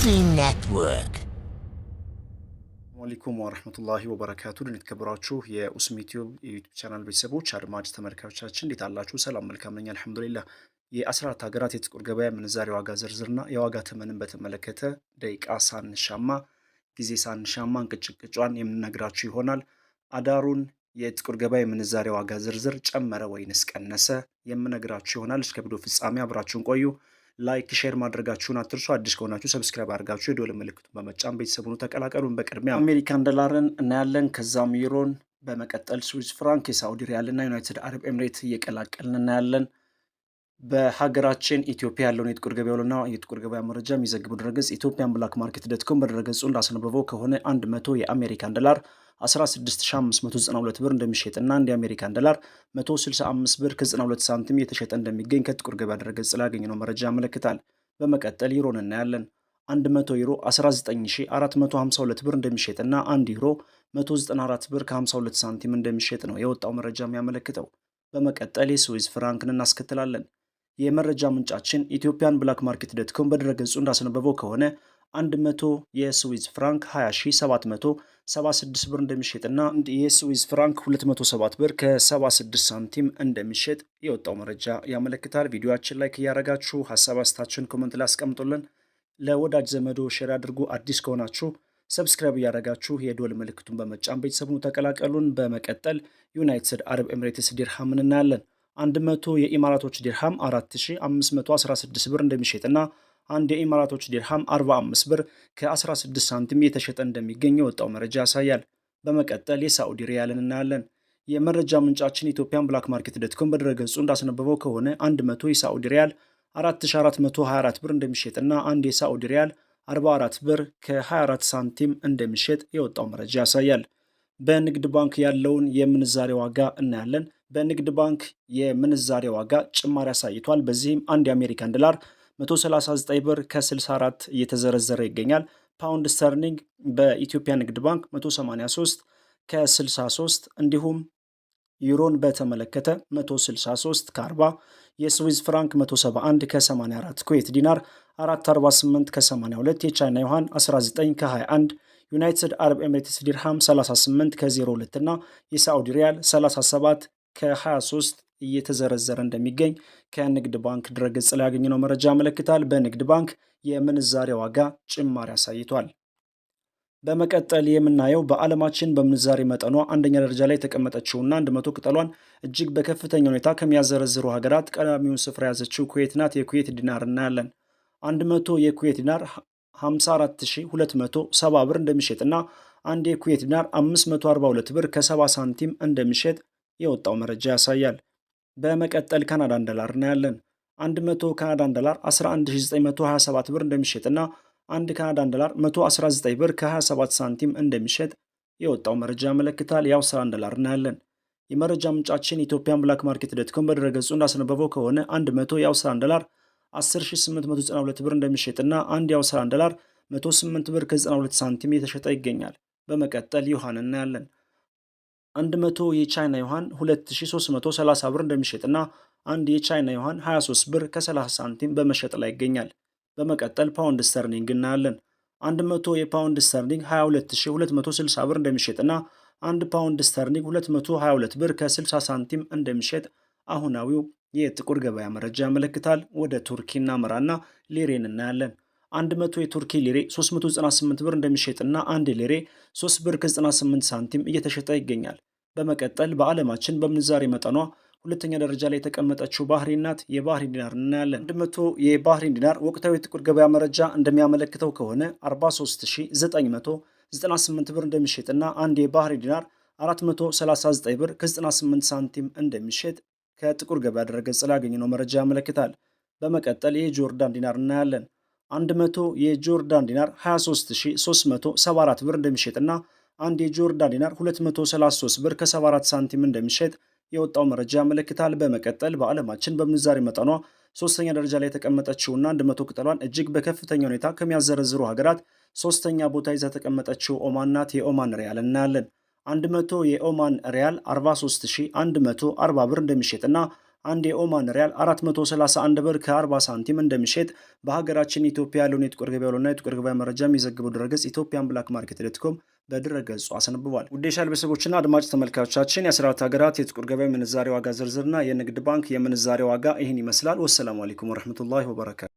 Network አሰላሙአለይኩም ወረህመቱላሂ ወበረካቱ። የተከበራችሁ የኡስሚ ቲዩብ የዩቱብ ቻናል ቤተሰቦች አድማጭ ተመልካዮቻችን እንዴት አላችሁ? ሰላም መልካም ነኝ አልሐምዱሊላህ። የአስራ አራት ሀገራት የጥቁር ገበያ ምንዛሬ ዋጋ ዝርዝርና የዋጋ ተመንን በተመለከተ ደቂቃ ሳንሻማ ጊዜ ሳንሻማ እንቅጭቅጯን የምንነግራችሁ ይሆናል። አዳሩን የጥቁር ገበያ ምንዛሬ ዋጋ ዝርዝር ጨመረ ወይንስ ቀነሰ የምነግራችሁ ይሆናል። እስከ ቪዲዮ ፍጻሜ አብራችሁን ቆዩ። ላይክ፣ ሼር ማድረጋችሁን አትርሱ። አዲስ ከሆናችሁ ሰብስክራይብ አድርጋችሁ የዶል ምልክቱን በመጫን ቤተሰቡን ተቀላቀሉን። በቅድሚያ አሜሪካን ዶላርን እናያለን፣ ከዛም ዩሮን በመቀጠል ስዊስ ፍራንክ፣ የሳውዲ ሪያል እና ዩናይትድ አረብ ኤምሬት እየቀላቀልን እናያለን። በሀገራችን ኢትዮጵያ ያለውን የጥቁር ገበያውና የጥቁር ገበያ መረጃ የሚዘግቡ ድረገጽ ኢትዮጵያን ብላክ ማርኬት ዶትኮም በድረገጹ እንዳስነበበው ከሆነ 100 የአሜሪካን ዶላር 16592 ብር እንደሚሸጥና እንደ አሜሪካን ዶላር 165 ብር ከ92 ሳንቲም የተሸጠ እንደሚገኝ ከጥቁር ገበያ ድረገጽ ላይ ያገኘነው መረጃ ያመለክታል። በመቀጠል ዩሮን እናያለን። 100 ዩሮ 19452 ብር እንደሚሸጥና 1 ዩሮ 194 ብር ከ52 ሳንቲም እንደሚሸጥ ነው የወጣው መረጃ የሚያመለክተው። በመቀጠል የስዊዝ ፍራንክን እናስከትላለን። የመረጃ ምንጫችን ኢትዮጵያን ብላክ ማርኬት ዶት ኮም በድረገጹ እንዳስነበበው ከሆነ 100 የስዊዝ ፍራንክ 20776 ብር እንደሚሸጥና የስዊዝ ፍራንክ 207 ብር ከ76 ሳንቲም እንደሚሸጥ የወጣው መረጃ ያመለክታል። ቪዲዮችን ላይክ እያደረጋችሁ ሀሳብ አስታችን ኮመንት ላይ አስቀምጡልን። ለወዳጅ ዘመዶ ሼር አድርጉ። አዲስ ከሆናችሁ ሰብስክራይብ እያደረጋችሁ የዶል ምልክቱን በመጫን ቤተሰቡን ተቀላቀሉን። በመቀጠል ዩናይትድ አረብ ኤምሬትስ ዲርሃም እናያለን። 100 የኢማራቶች ዲርሃም 4516 ብር እንደሚሸጥና አንድ የኢማራቶች ዲርሃም 45 ብር ከ16 ሳንቲም የተሸጠ እንደሚገኝ የወጣው መረጃ ያሳያል። በመቀጠል የሳዑዲ ሪያልን እናያለን። የመረጃ ምንጫችን ኢትዮጵያን ብላክ ማርኬት ዶትኮም በድረገጹ እንዳስነበበው ከሆነ 100 የሳዑዲ ሪያል 4424 ብር እንደሚሸጥና አንድ የሳዑዲ ሪያል 44 ብር ከ24 ሳንቲም እንደሚሸጥ የወጣው መረጃ ያሳያል። በንግድ ባንክ ያለውን የምንዛሬ ዋጋ እናያለን። በንግድ ባንክ የምንዛሬ ዋጋ ጭማሪ አሳይቷል። በዚህም አንድ የአሜሪካን ዶላር 139 ብር ከ64 እየተዘረዘረ ይገኛል። ፓውንድ ስተርሊንግ በኢትዮጵያ ንግድ ባንክ 183 ከ63 እንዲሁም ዩሮን በተመለከተ 163 ከ40 የስዊዝ ፍራንክ 171 ከ84 ኩዌት ዲናር 448 ከ82 የቻይና ዮሐን 19 ከ21 ዩናይትድ አረብ ኤምሬትስ ዲርሃም 38 ከ02 እና የሳዑዲ ሪያል 37 ከ23 እየተዘረዘረ እንደሚገኝ ከንግድ ባንክ ድረገጽ ላይ ያገኘነው መረጃ ያመለክታል። በንግድ ባንክ የምንዛሬ ዋጋ ጭማሪ አሳይቷል። በመቀጠል የምናየው በዓለማችን በምንዛሬ መጠኗ አንደኛ ደረጃ ላይ የተቀመጠችውና አንድ መቶ ቅጠሏን እጅግ በከፍተኛ ሁኔታ ከሚያዘረዝሩ ሀገራት ቀዳሚውን ስፍራ የያዘችው ኩዌት ናት። የኩዌት ዲናር እናያለን። 100 የኩዌት ዲናር 54270 ብር እንደሚሸጥና አንድ የኩዌት ዲናር 542 ብር ከ70 ሳንቲም እንደሚሸጥ የወጣው መረጃ ያሳያል። በመቀጠል ካናዳን ዶላር እናያለን። 100 ካናዳን ዶላር 11927 ብር እንደሚሸጥና አንድ ካናዳን ዶላር 119 ብር ከ27 ሳንቲም እንደሚሸጥ የወጣው መረጃ ያመለክታል። ዶላር እናያለን። የመረጃ ምንጫችን ኢትዮጵያን ብላክ ማርኬት ዶት ኮም በድረገጹ እንዳስነበበው ከሆነ 100 የ ዶላር 10892 ብር እንደሚሸጥና አንድ የአውስትራሊያን ዶላር 108 ብር ከ92 ሳንቲም የተሸጠ ይገኛል። በመቀጠል ዩሃን እናያለን። 100 የቻይና ዩሃን 2330 ብር እንደሚሸጥና አንድ የቻይና ዩሃን 23 ብር ከ30 ሳንቲም በመሸጥ ላይ ይገኛል። በመቀጠል ፓውንድ ስተርሊንግ እናያለን። 100 የፓውንድ ስተርሊንግ 22260 ብር እንደሚሸጥና አንድ ፓውንድ ስተርሊንግ 222 ብር ከ60 ሳንቲም እንደሚሸጥ አሁናዊው የጥቁር ገበያ መረጃ ያመለክታል። ወደ ቱርኪ እናመራና ሊሬን እናያለን። 100 የቱርኪ ሊሬ 398 ብር እንደሚሸጥና አንድ ሊሬ 3 ብር ከ98 ሳንቲም እየተሸጠ ይገኛል። በመቀጠል በዓለማችን በምንዛሬ መጠኗ ሁለተኛ ደረጃ ላይ የተቀመጠችው ባህሬን ናት። የባህሬን ዲናር እናያለን። 100 የባህሬን ዲናር ወቅታዊ የጥቁር ገበያ መረጃ እንደሚያመለክተው ከሆነ 43998 ብር እንደሚሸጥና አንድ የባህሬን ዲናር 439 ብር ከ98 ሳንቲም እንደሚሸጥ ከጥቁር ገበያ ድረገጽ ላገኘነው መረጃ ያመለክታል። በመቀጠል የጆርዳን ዲናር እናያለን። 100 የጆርዳን ዲናር 23374 ብር እንደሚሸጥና አንድ የጆርዳን ዲናር 233 ብር ከ74 ሳንቲም እንደሚሸጥ የወጣው መረጃ ያመለክታል። በመቀጠል በዓለማችን በምንዛሬ መጠኗ ሶስተኛ ደረጃ ላይ የተቀመጠችውና 100 ቅጠሏን እጅግ በከፍተኛ ሁኔታ ከሚያዘረዝሩ ሀገራት ሶስተኛ ቦታ ይዛ የተቀመጠችው ኦማን ናት። የኦማን ሪያል እናያለን። 100 የኦማን ሪያል 43140 ብር እንደሚሸጥና አንድ የኦማን ሪያል 431 ብር ከ40 ሳንቲም እንደሚሸጥ በሀገራችን ኢትዮጵያ ያለውን የጥቁር ገበያ ውሎና የጥቁር ገበያ መረጃ የሚዘግበው ድረገጽ ኢትዮጵያን ብላክ ማርኬት ዶት ኮም ገጹ አስነብቧል። ውድ ቤተሰቦችና አድማጭ ተመልካቾቻችን የአስራት ሀገራት የጥቁር ገበያ ምንዛሬ ዋጋ ዝርዝርና የንግድ ባንክ የምንዛሬ ዋጋ ይህን ይመስላል። ወሰላሙ አሌይኩም ወረህመቱላሂ ወበረካቱ።